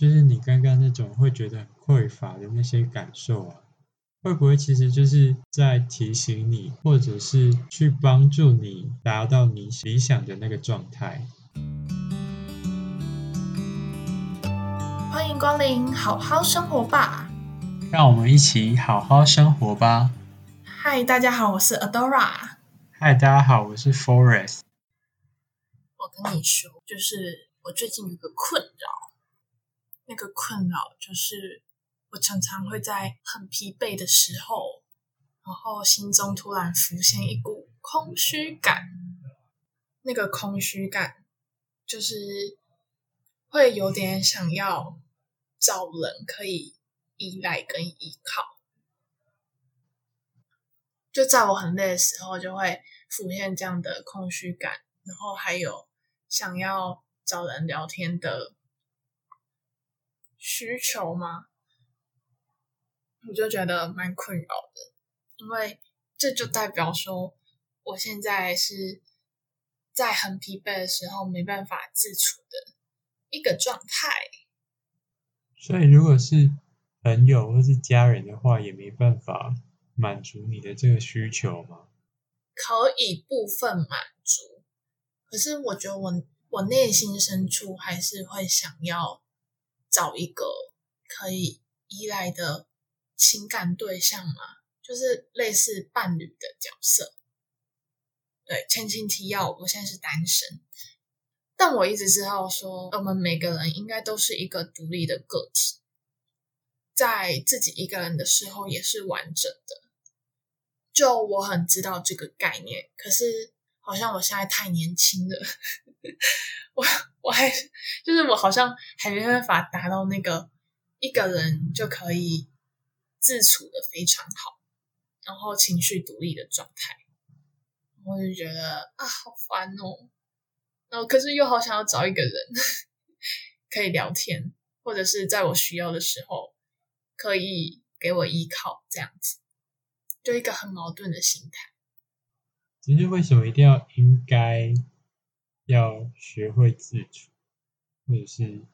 就是你剛剛那種會覺得很匱乏的那些感受啊，會不會其實就是在提醒你，或者是去幫助你達到你理想的那個狀態？歡迎光臨，好好生活 Bar。讓我們一起好好生活吧。嗨，大家好，我是 Adora。嗨，大家好，我是 Forest。我跟你說，就是我最近有個困擾。那個困擾就是，我常常會在很疲憊的時候，然後心中突然浮現一股空虛感。那個空虛感就是會有點想要找人可以依賴跟依靠，就在我很累的時候，就會浮現這樣的空虛感。然後還有想要找人聊天的需求嗎？我就覺得蠻困擾的，因為這就代表說，我現在是在很疲憊的時候沒辦法自處的一個狀態。所以，如果是朋友或是家人的話，也沒辦法滿足你的這個需求嗎？可以部分滿足，可是我覺得我我內心深處還是會想要。找一個可以依賴的情感對象嘛，就是類似伴侶的角色。對，前情提要，我現在是單身，但我一直知道說，我們每個人應該都是一個獨立的個體，在自己一個人的時候也是完整的。就我很知道這個概念，可是好像我現在太年輕了。 我我還就是我好像還沒辦法達到那個一個人就可以自處的非常好，然後情緒獨立的狀態。我就覺得啊，好煩哦、喔。然後可是又好想要找一個人可以聊天，或者是在我需要的時候可以給我依靠，這樣子就一個很矛盾的心態。其實為什麼一定要應該？要學會自處，或者是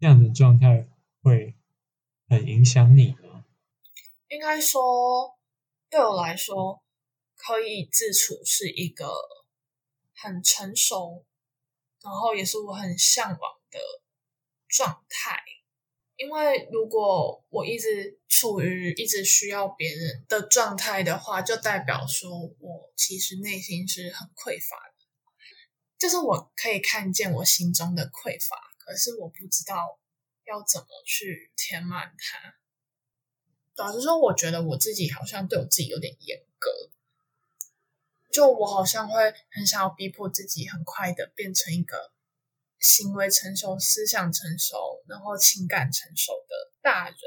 這樣的狀態會很影響你嗎？應該說，對我來說，可以自處是一個很成熟，然後也是我很嚮往的狀態。因為如果我一直處於一直需要別人的狀態的話，就代表說我其實內心是很匱乏的。就是我可以看見我心中的匱乏，可是我不知道要怎麼去填滿它。老實說，我覺得我自己好像對我自己有點嚴格，就我好像會很想要逼迫自己很快的變成一個行為成熟、思想成熟，然後情感成熟的大人。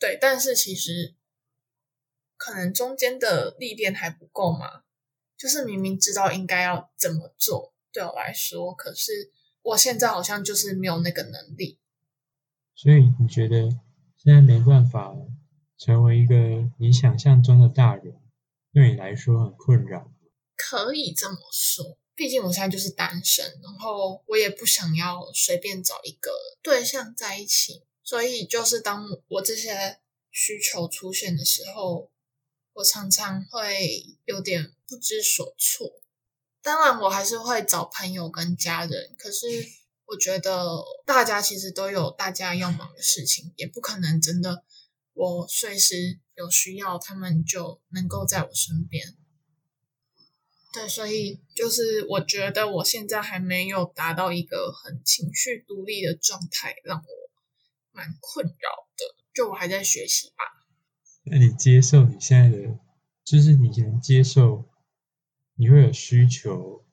對，但是其實可能中間的歷練還不夠嘛。就是明明知道應該要怎麼做，對我來說，可是我現在好像就是沒有那個能力。所以你覺得現在沒辦法成為一個你想象中的大人，對你來說很困擾？可以這麼說，畢竟我現在就是單身，然後我也不想要隨便找一個對象在一起。所以就是當我這些需求出現的時候，我常常會有點。不知所措，當然我還是會找朋友跟家人。可是我覺得大家其實都有大家要忙的事情，也不可能真的我隨時有需要，他們就能夠在我身邊。對，所以就是我覺得我現在還沒有達到一個很情緒獨立的狀態，讓我蠻困擾的。就我還在學習吧。那你接受你現在的，就是你能接受？你會有需求，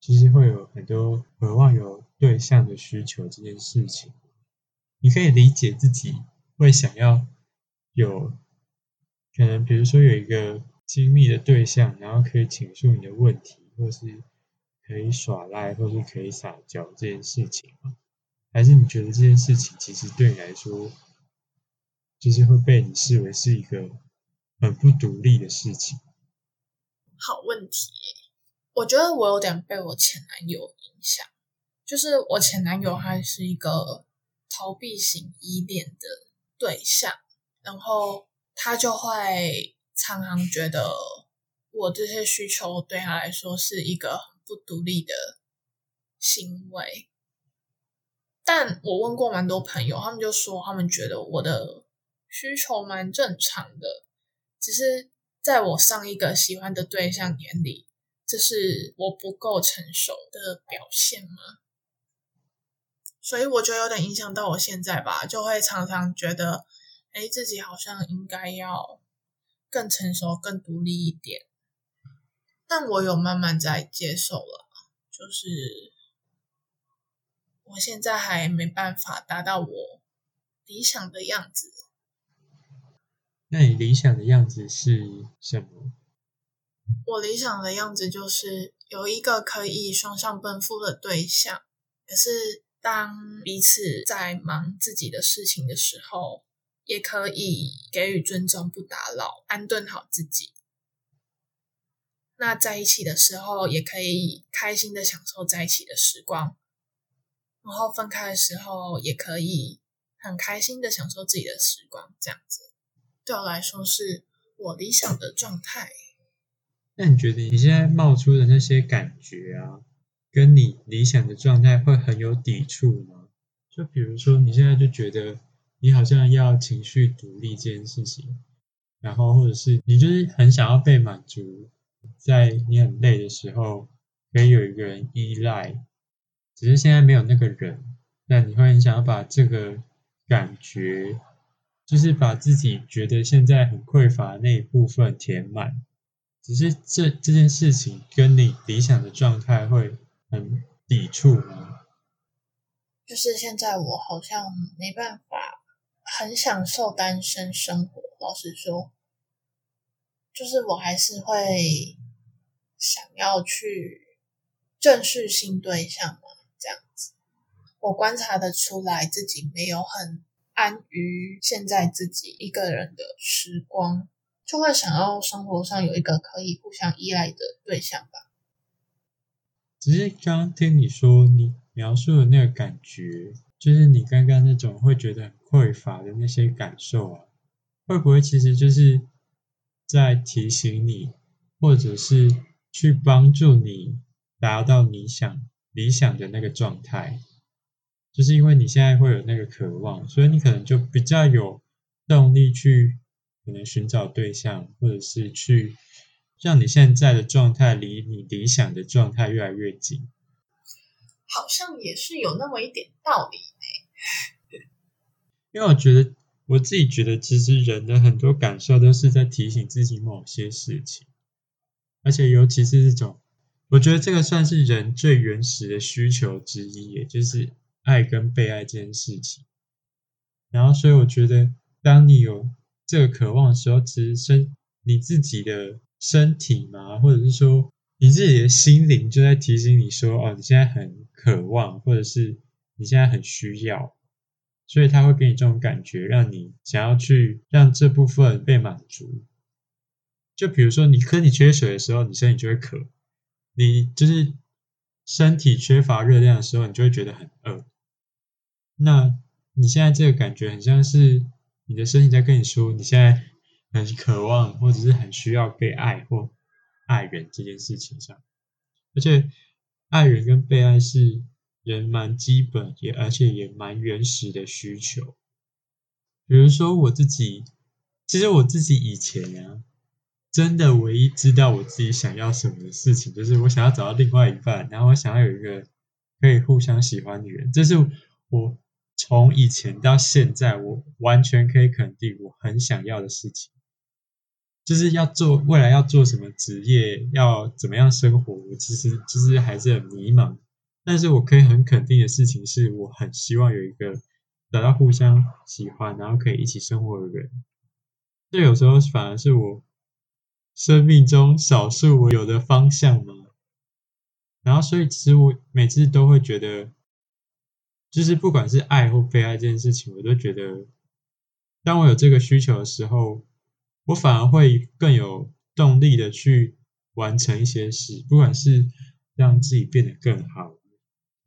其實會有很多渴望，有對象的需求這件事情。你可以理解自己會想要有，可能比如說有一個親密的對象，然後可以傾訴你的問題，或是可以耍賴，或是可以撒嬌，這件事情嗎？還是你覺得這件事情其實對你來說，就是會被你視為是一個很不獨立的事情？好問題欸，我覺得我有點被我前男友影響，就是我前男友他是一個逃避型依戀的對象，然後他就會常常覺得我這些需求對他來說是一個很不獨立的行為，但我問過蠻多朋友，他們就說他們覺得我的需求蠻正常的，只是。在我上一個喜歡的對象眼裡，這是我不夠成熟的表現嗎？所以我就有點影響到我現在吧，就會常常覺得，哎，自己好像應該要更成熟、更獨立一點。但我有慢慢在接受了，就是我現在還沒辦法達到我理想的樣子。那你理想的樣子是什麼？我理想的樣子就是有一個可以雙向奔赴的對象，可是當彼此在忙自己的事情的時候，也可以給予尊重，不打擾，安頓好自己。那在一起的時候，也可以開心的享受在一起的時光，然後分開的時候，也可以很開心的享受自己的時光，這樣子。對我來說，是我理想的狀態。那你覺得你現在冒出的那些感覺啊，跟你理想的狀態會很有抵觸嗎？就比如說，你現在就覺得你好像要情緒獨立這件事情，然後或者是你就是很想要被滿足，在你很累的時候可以有一個人依賴，只是現在沒有那個人，那你會很想要把這個感覺。就是把自己覺得現在很匱乏的那一部分填滿，只是這這件事情跟你理想的狀態會很抵觸嗎？就是現在我好像沒辦法很享受單身生活。老實說，就是我還是會想要去正視新對象嘛，這樣子，我觀察得出來自己沒有很，安於現在自己一個人的時光，就會想要生活上有一個可以互相依賴的對象吧。只是剛剛聽你說，你描述的那個感覺，就是你剛剛那種會覺得很匱乏的那些感受啊，會不會其實就是在提醒你，或者是去幫助你達到你想理想的那個狀態？就是因為你現在會有那個渴望，所以你可能就比較有動力去可能尋找對象，或者是去讓你現在的狀態離你理想的狀態越來越近。好像也是有那麼一點道理。因為我覺得我自己覺得，其實人的很多感受都是在提醒自己某些事情，而且尤其是這種，我覺得這個算是人最原始的需求之一，也就是。愛跟被愛這件事情，然後所以我覺得，當你有這個渴望的時候，其實身你自己的身體嘛，或者是說你自己的心靈，就在提醒你說：“哦，你現在很渴望，或者是你現在很需要。”所以它會給你這種感覺，讓你想要去讓這部分被滿足。就比如說，你喝你缺水的時候，你身體就會渴；你就是身體缺乏熱量的時候，你就會覺得很餓。那你現在這個感覺，很像是你的身體在跟你說，你現在很渴望，或者是很需要被愛或愛人這件事情上。而且，愛人跟被愛是人蠻基本，也而且也蠻原始的需求。比如說我自己，其實我自己以前啊，真的唯一知道我自己想要什麼的事情，就是我想要找到另外一半，然後我想要有一個可以互相喜歡的人，這是我。從以前到現在，我完全可以肯定，我很想要的事情，就是要做未來要做什麼職業，要怎麼樣生活。我其實其實還是很迷茫。但是我可以很肯定的事情是，我很希望有一個找到互相喜歡，然後可以一起生活的人。這有時候反而是我生命中少數我有的方向嘛。然後，所以其實我每次都會覺得。就是不管是愛或被愛這件事情，我都覺得，當我有這個需求的時候，我反而會更有動力的去完成一些事，不管是讓自己變得更好，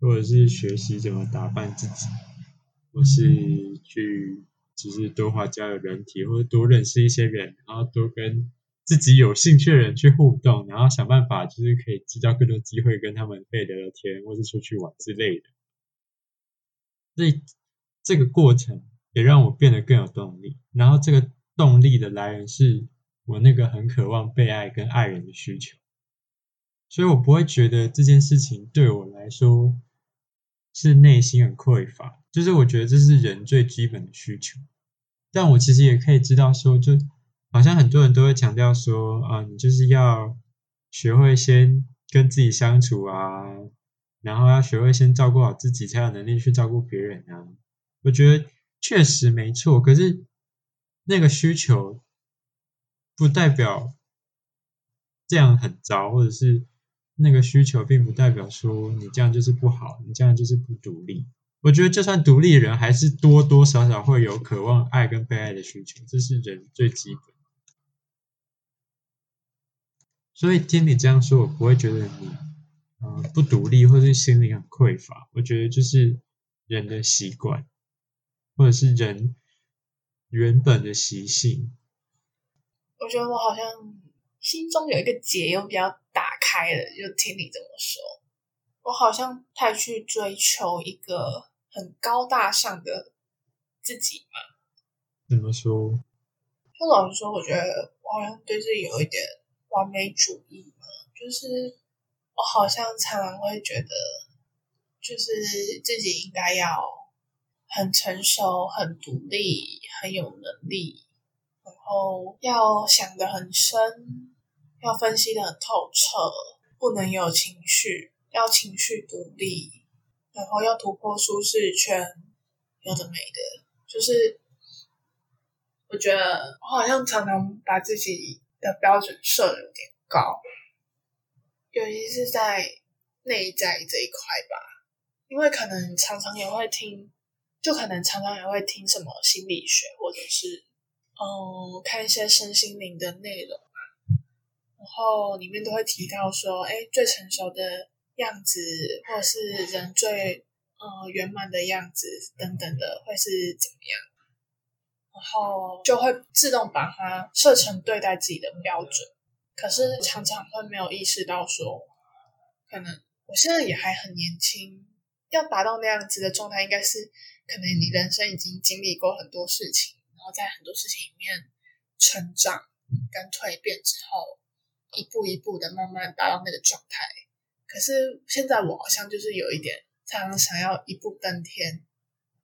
或者是學習怎麼打扮自己，或是去，就是多滑交友軟體，或者多認識一些人，然後多跟自己有興趣的人去互動，然後想辦法就是可以制造更多機會跟他們可以聊聊天，或是出去玩之類的。這這個過程也讓我變得更有動力，然後這個動力的來源是我那個很渴望被愛跟愛人的需求，所以我不會覺得這件事情對我來說是內心很匱乏，就是我覺得這是人最基本的需求，但我其實也可以知道說，就好像很多人都會強調說啊，你就是要學會先跟自己相處啊。然後要學會先照顧好自己，才有能力去照顧別人啊！我覺得確實沒錯，可是那個需求不代表這樣很糟，或者是那個需求並不代表說你這樣就是不好，你這樣就是不獨立。我覺得就算獨立的人，還是多多少少會有渴望愛跟被愛的需求，這是人最基本。所以聽你這樣說，我不會覺得你。呃、不獨立或是心靈很匱乏，我覺得就是人的習慣，或者是人原本的習性。我覺得我好像心中有一個結，又比較打開了，就聽你這麼說，我好像太去追求一個很高大上的自己嘛。怎麼說？就老實說，我覺得我好像對自己有一點完美主義嘛，就是。我好像常常會覺得，就是自己應該要很成熟、很獨立、很有能力，然後要想得很深，要分析得很透徹，不能有情緒，要情緒獨立，然後要突破舒適圈，有的沒的，就是我覺得我好像常常把自己的標準設得有點高。尤其是在內在這一塊吧，因為可能常常也會聽，就可能常常也會聽什麼心理學，或者是嗯、呃、看一些身心靈的內容，然後裡面都會提到說，誒，最成熟的樣子，或是人最呃圓滿的樣子等等的，會是怎麼樣，然後就會自動把它設成對待自己的標準。可是常常會沒有意識到說，可能我現在也還很年輕，要達到那樣子的狀態，應該是可能你人生已經經歷過很多事情，然後在很多事情裡面成長跟蛻變之後，一步一步的慢慢達到那個狀態。可是現在我好像就是有一點，常常想要一步登天。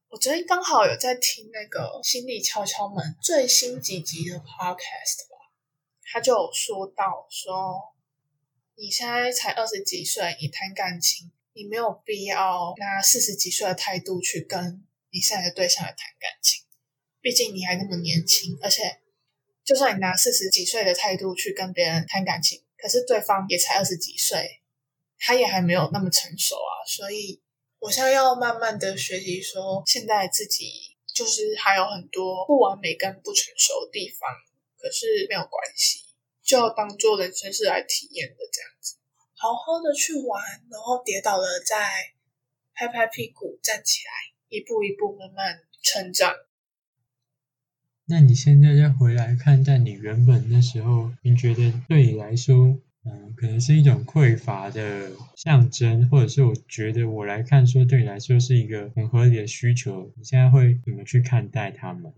我昨天剛好有在聽那個《心理敲敲門》最新幾集的 Podcast。他就說到說，你現在才二十幾歲，你談感情，你沒有必要拿四十幾歲的態度去跟你現在的對象來談感情。畢竟你還那麼年輕，而且就算你拿四十幾歲的態度去跟別人談感情，可是對方也才二十幾歲，他也還沒有那麼成熟啊。所以我現在要慢慢的學習說，說現在自己就是還有很多不完美跟不成熟的地方，可是沒有關係。就要當做人生是來體驗的這樣子，好好的去玩，然後跌倒了再拍拍屁股站起來，一步一步慢慢成長。那你現在再回來看待你原本那時候，你覺得對你來說，嗯、呃，可能是一種匱乏的象徵，或者是我覺得我來看說對你來說是一個很合理的需求，你現在會怎麼去看待他們？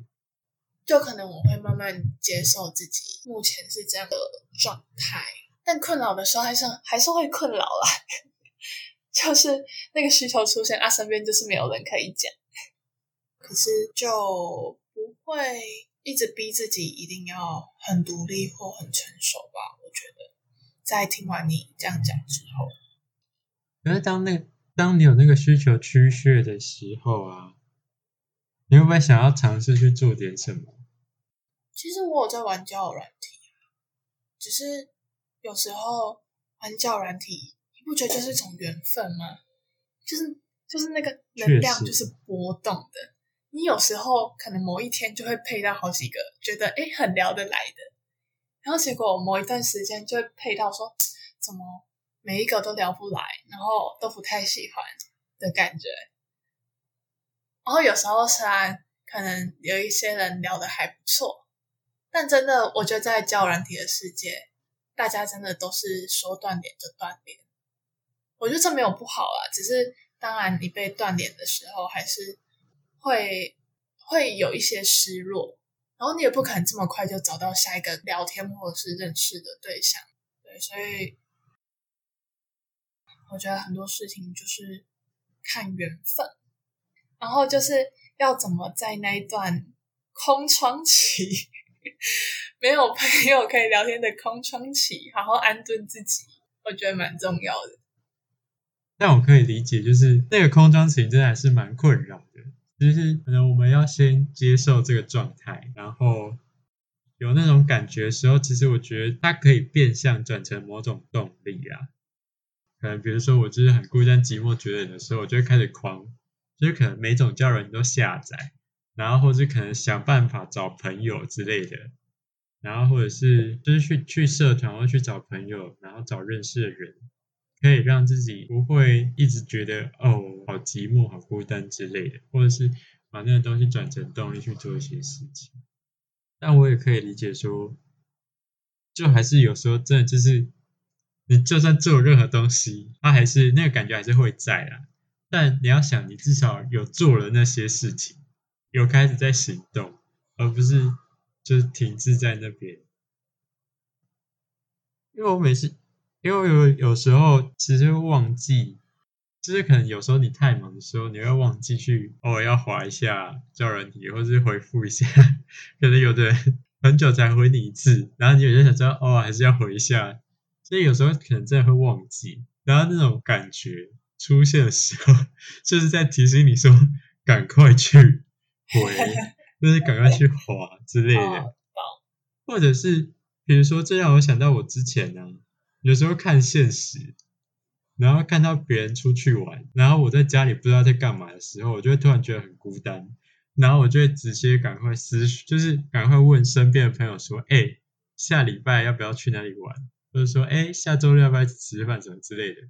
就可能我會慢慢接受自己目前是這樣的狀態，但困擾的時候還是還是會困擾啦。 就是那個需求出現啊，身邊就是沒有人可以講。可是就不會一直逼自己一定要很獨立或很成熟吧？我覺得，在聽完你這樣講之後，因為當那當你有那個需求趨勢的時候啊。你有沒有想要嘗試去做點什麼？其實我有在玩交友軟體，只、就是有時候玩交友軟體，你不覺得就是一種緣分嗎？就是就是那個能量就是波動的，確實。你有時候可能某一天就會配到好幾個覺得誒、欸、很聊得來的，然後結果某一段時間就會配到說怎麼每一個都聊不來，然後都不太喜歡的感覺。然後有時候雖然、啊、可能有一些人聊得還不錯，但真的我覺得在交友軟體的世界，大家真的都是說斷聯就斷聯。我覺得這沒有不好啊，只是當然你被斷聯的時候，還是會會有一些失落，然後你也不可能這麼快就找到下一個聊天或者是認識的對象。對，所以我覺得很多事情就是看緣分。然後就是要怎麼在那一段空窗期，沒有朋友可以聊天的空窗期，好好安頓自己，我覺得蠻重要的。但我可以理解，就是那個空窗期真的還是蠻困擾的。就是可能我們要先接受這個狀態，然後有那種感覺的時候，其實我覺得它可以變相轉成某種動力啊。可能比如說我就是很孤單、寂寞、覺得冷的時候，我就會開始狂。就是可能每種叫人都下載，然後或是可能想辦法找朋友之類的，然後或者是就是去去社團或去找朋友，然後找認識的人，可以讓自己不會一直覺得，哦，好寂寞、好孤單之類的，或者是把那個東西轉成動力去做一些事情。但我也可以理解說，就還是有時候真的就是，你就算做任何東西，它還是，那個感覺還是會在啊。但你要想，你至少有做了那些事情，有開始在行動，而不是就是停滯在那邊。因為我每次，因為我有有時候其實會忘記，就是可能有時候你太忙的時候，你會忘記去偶爾、哦、要滑一下交友軟體，或是回復一下。可能有的人很久才回你一次，然後你有些想知道，偶爾、哦、還是要回一下。所以有時候可能真的會忘記，然後那種感覺出現的時候，就是在提醒你說：“趕快去回，就是趕快去滑之類的。” 或者是比如說這樣，我想到我之前呢、啊，有時候看現實，然後看到別人出去玩，然後我在家裡不知道在幹嘛的時候，我就會突然覺得很孤單，然後我就會直接趕快思緒，就是趕快問身邊的朋友說：“哎、欸，下禮拜要不要去哪裡玩？”或者說：“哎、欸，下周六要不要吃吃飯什麼之類的。”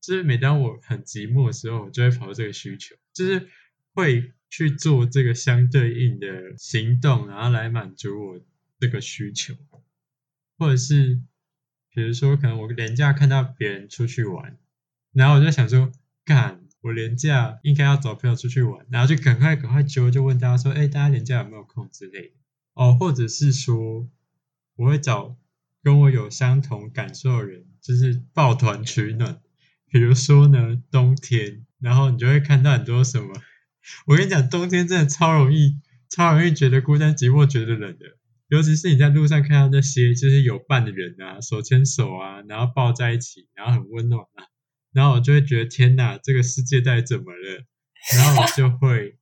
就是每當我很寂寞的時候，我就會跑到這個需求，就是會去做這個相對應的行動，然後來滿足我這個需求，或者是比如說可能我連假看到別人出去玩，然後我就想說，幹，我連假應該要找朋友出去玩，然後就趕快趕快揪，就問大家說，哎、欸，大家連假有沒有空之類的，哦，或者是說我會找跟我有相同感受的人，就是抱團取暖。比如說呢，冬天，然後你就會看到很多什麼。我跟你講，冬天真的超容易、超容易覺得孤單、寂寞、覺得冷的。尤其是你在路上看到那些就是有伴的人啊，手牽手啊，然後抱在一起，然後很溫暖啊，然後我就會覺得天吶，這個世界到底怎麼了？然後我就會，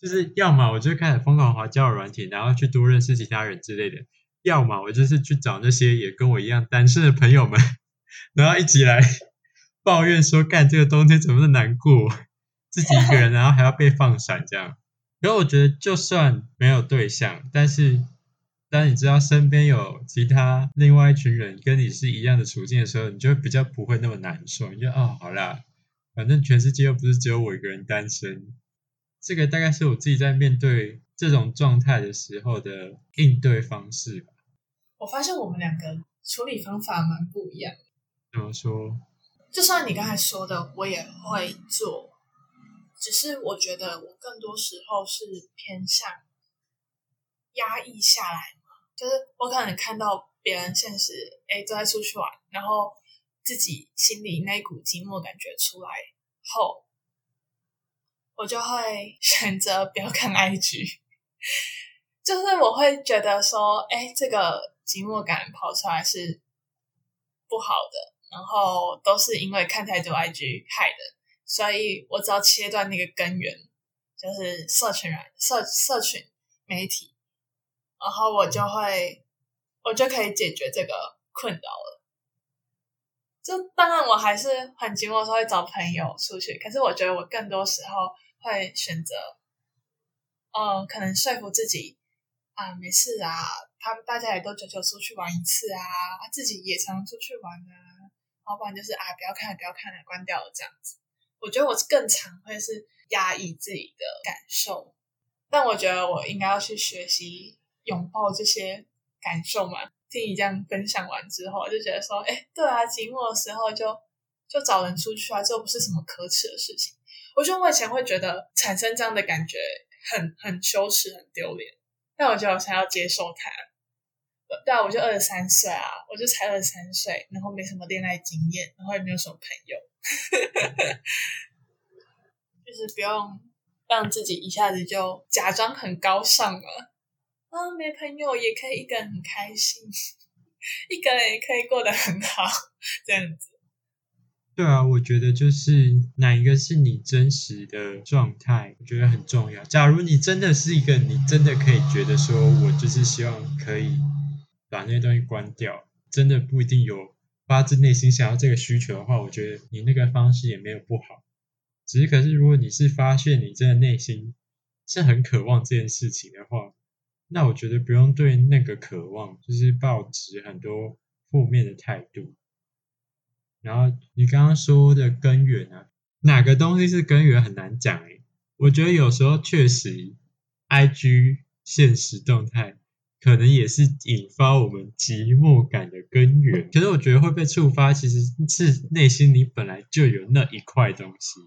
就是要麼我就開始瘋狂滑交友軟體，然後去多認識其他人之類的；要麼我就是去找那些也跟我一樣單身的朋友們，然後一起來。抱怨說：“幹這個冬天怎麼那麼難過？自己一個人，然後還要被放閃這樣。然後我覺得，就算沒有對象，但是當你知道身邊有其他另外一群人跟你是一樣的處境的時候，你就會比較不會那麼難受。你就哦，好啦，反正全世界又不是只有我一個人單身。這個大概是我自己在面對這種狀態的時候的應對方式吧。我發現我們兩個處理方法蠻不一樣。怎麼說？”就算你剛才說的，我也會做，只是我覺得我更多時候是偏向壓抑下來。就是我可能看到別人現實，哎，都在出去玩，然後自己心裡那股寂寞感覺出來後，我就會選擇不要看 IG。就是我會覺得說，哎，這個寂寞感跑出來是不好的。然後都是因為看太多 IG 害的，所以我只要切斷那個根源，就是社群人，社社群媒體，然後我就會我就可以解決這個困擾了。就當然我還是很寂寞的時候會找朋友出去，可是我覺得我更多時候會選擇，嗯，可能說服自己啊，沒事啊，他們大家也都久久出去玩一次啊，自己也常常出去玩的啊。老闆就是啊，不要看了，不要看了，關掉了這樣子。我覺得我更常會是壓抑自己的感受，但我覺得我應該要去學習擁抱這些感受嘛。聽你這樣分享完之後，我就覺得說，哎，對啊，寂寞的時候就就找人出去啊，這又不是什麼可恥的事情。我覺得我以前會覺得產生這樣的感覺很很羞恥、很丟臉，但我覺得我想要接受它。對啊，我就二十三歲啊，我就才二十三歲，然後沒什麼戀愛經驗，然後也沒有什麼朋友， 就是不用讓自己一下子就假裝很高尚了啊。沒朋友也可以一個人很開心，一個人也可以過得很好，這樣子。對啊，我覺得就是哪一個是你真實的狀態，我覺得很重要。假如你真的是一個你真的可以覺得說，我就是希望可以。把那些東西關掉，真的不一定有發自內心想要這個需求的話，我覺得你那個方式也沒有不好。只是可是，如果你是發現你真的內心是很渴望這件事情的話，那我覺得不用對那個渴望就是抱持很多負面的態度。然後你剛剛說的根源啊，哪個東西是根源很難講誒。我覺得有時候確實，IG 限時動態。可能也是引發我們寂寞感的根源。可是我覺得會被觸發，其實是內心裡本來就有那一塊東西。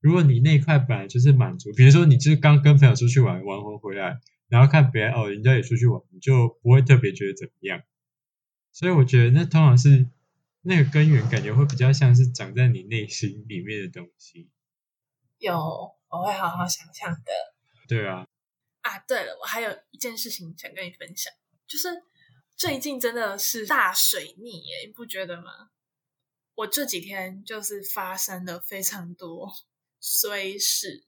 如果你那一塊本來就是滿足，比如說你就是剛跟朋友出去玩玩回回來，然後看別人，哦，人家也出去玩，你就不會特別覺得怎麼樣。所以我覺得那通常是那個根源，感覺會比較像是長在你內心裡面的東西。有，我會好好想想的。對啊。啊，對了，我還有一件事情想跟你分享，就是最近真的是大水逆耶，你不覺得嗎？我這幾天就是發生了非常多衰事，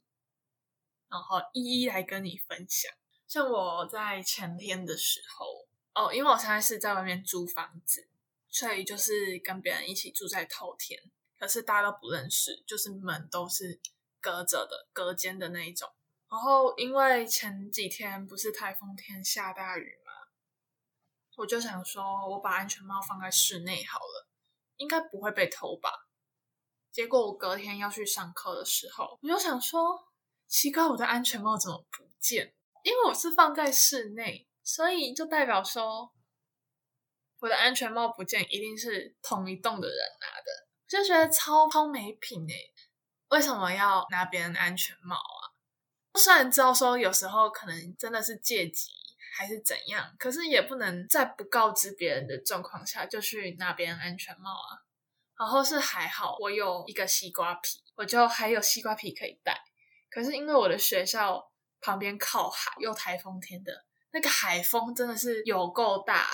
然後一一來跟你分享。像我在前天的時候，哦，因為我現在是在外面租房子，所以就是跟別人一起住在透天，可是大家都不認識，就是門都是隔着的、隔間的那一種。然後，因為前幾天不是颱風天下大雨嘛，我就想說，我把安全帽放在室內好了，應該不會被偷吧。結果我隔天要去上課的時候，我就想說，奇怪，我的安全帽怎麼不見？因為我是放在室內，所以就代表說，我的安全帽不見，一定是同一棟的人拿的。我就覺得超超沒品哎，為什麼要拿別人安全帽啊？雖然知道說有時候可能真的是借機還是怎樣，可是也不能在不告知別人的狀況下就去拿別人安全帽啊。然後是還好我有一個西瓜皮，我就還有西瓜皮可以戴。可是因為我的學校旁邊靠海，又台風天的那個海風真的是有夠大，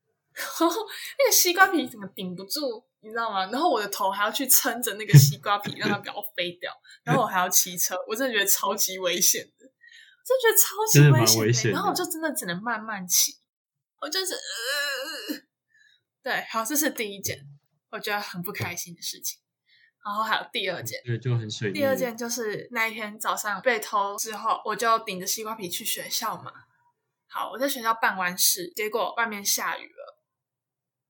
那個西瓜皮怎麼頂不住？你知道嗎？然後我的頭還要去撐着那個西瓜皮， 讓它不要飛掉。然後我還要騎車，我真的覺得超級危險的，真的覺得超級危險。真的蠻危險的。然後我就真的只能慢慢騎。我就是，呃、對，好，這是第一件我覺得很不開心的事情。嗯、然後還有第二件，對、嗯，覺得就很水。第二件就是那一天早上被偷之後，我就頂着西瓜皮去學校嘛。好，我在學校辦完事，結果外面下雨了。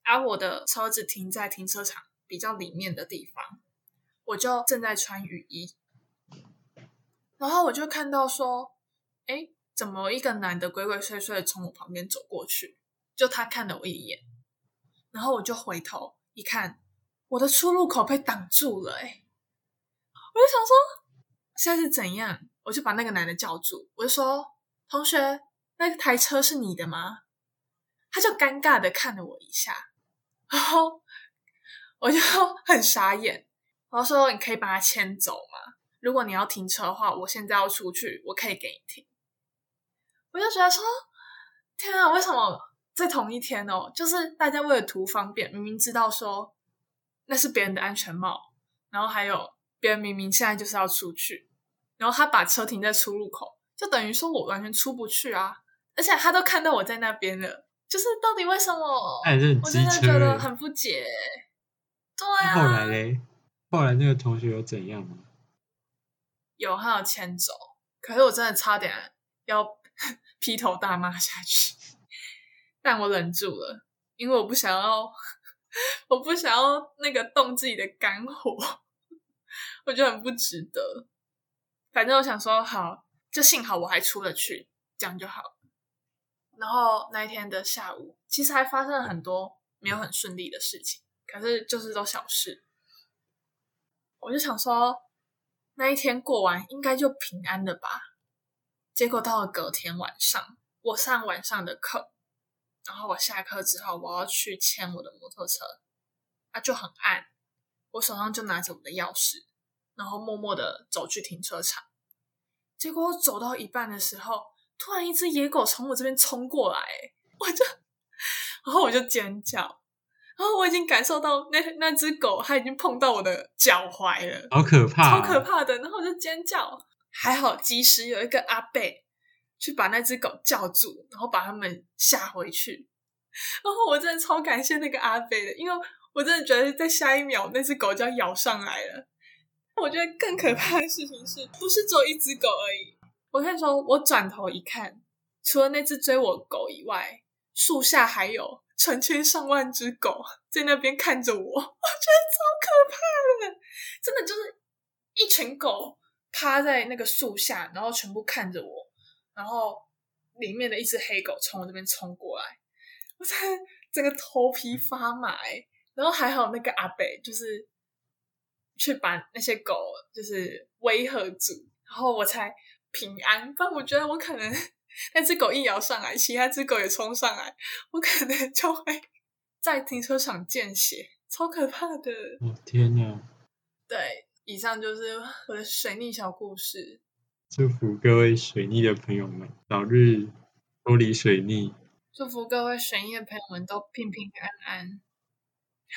而、啊、我的車子停在停車場比較裡面的地方，我就正在穿雨衣，然後我就看到說，哎、欸，怎麼一個男的鬼鬼祟祟的從我旁邊走過去？就他看了我一眼，然後我就回頭一看，我的出入口被擋住了，欸。誒我就想說，現在是怎樣？我就把那個男的叫住，我就說，同學，那個、台車是你的嗎？他就尷尬的看了我一下，然後我就很傻眼。我說：“你可以把它牽走嗎？如果你要停車的話，我現在要出去，我可以給你停。”我就覺得說：“天啊，為什麼在同一天哦，就是大家為了圖方便，明明知道說那是別人的安全帽，然後還有別人明明現在就是要出去，然後他把車停在出入口，就等於說我完全出不去啊！而且他都看到我在那邊了。”就是到底為什麼？我真的覺得很不解。對啊。後來嘞，後來那個同學有怎樣嗎？有，他有牽走，可是我真的差點要劈頭大罵下去，但我忍住了，因為我不想要，我不想要那個動自己的肝火，我覺得很不值得。反正我想說，好，就幸好我還出了去，這樣就好。然後那一天的下午，其實還發生了很多沒有很順利的事情，可是就是都小事。我就想說，那一天過完應該就平安了吧？結果到了隔天晚上，我上晚上的課，然後我下課之後，我要去牽我的摩托車，啊就很暗，我手上就拿着我的鑰匙，然後默默的走去停車場。結果我走到一半的時候。突然，一隻野狗從我這邊衝過來，我就，然後我就尖叫，然後我已經感受到那那隻狗，它已經碰到我的腳踝了，好可怕啊，超可怕的，然後我就尖叫，還好及時有一個阿伯去把那隻狗叫住，然後把他們嚇回去，然後我真的超感謝那個阿伯的，因為我真的覺得在下一秒那隻狗就要咬上來了，我覺得更可怕的事情是，不是只有一隻狗而已。我跟你說，我轉頭一看，除了那只追我狗以外，樹下還有成千上萬隻狗在那邊看着我，我覺得超可怕的，真的就是一群狗趴在那個樹下，然後全部看着我，然後裡面的一只黑狗從我這邊衝過來，我才整個頭皮發麻、欸。然後還好那個阿北就是去把那些狗就是威嚇住，然後我才。平安，但我覺得我可能那只狗一咬上來，其他只狗也衝上來，我可能就會在停車場見血，超可怕的！哦，天吶。對，以上就是我的水逆小故事。祝福各位水逆的朋友們早日脫離水逆。祝福各位水逆的朋友們都平平安安。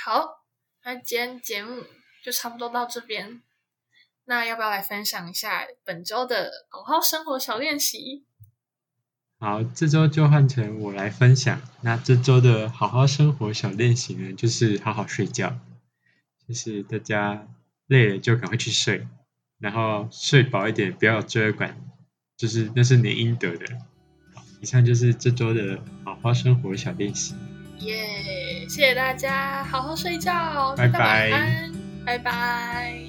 好，那今天節目就差不多到這邊。那要不要來分享一下本周的好好生活小練習？好，這周就換成我來分享。那這周的好好生活小練習呢，就是好好睡覺，就是大家累了就趕快去睡，然後睡飽一點，不要追趕，就是那是你應得的。以上就是這周的好好生活小練習。耶，yeah, 謝謝大家，好好睡覺，拜拜！大家晚安，拜拜。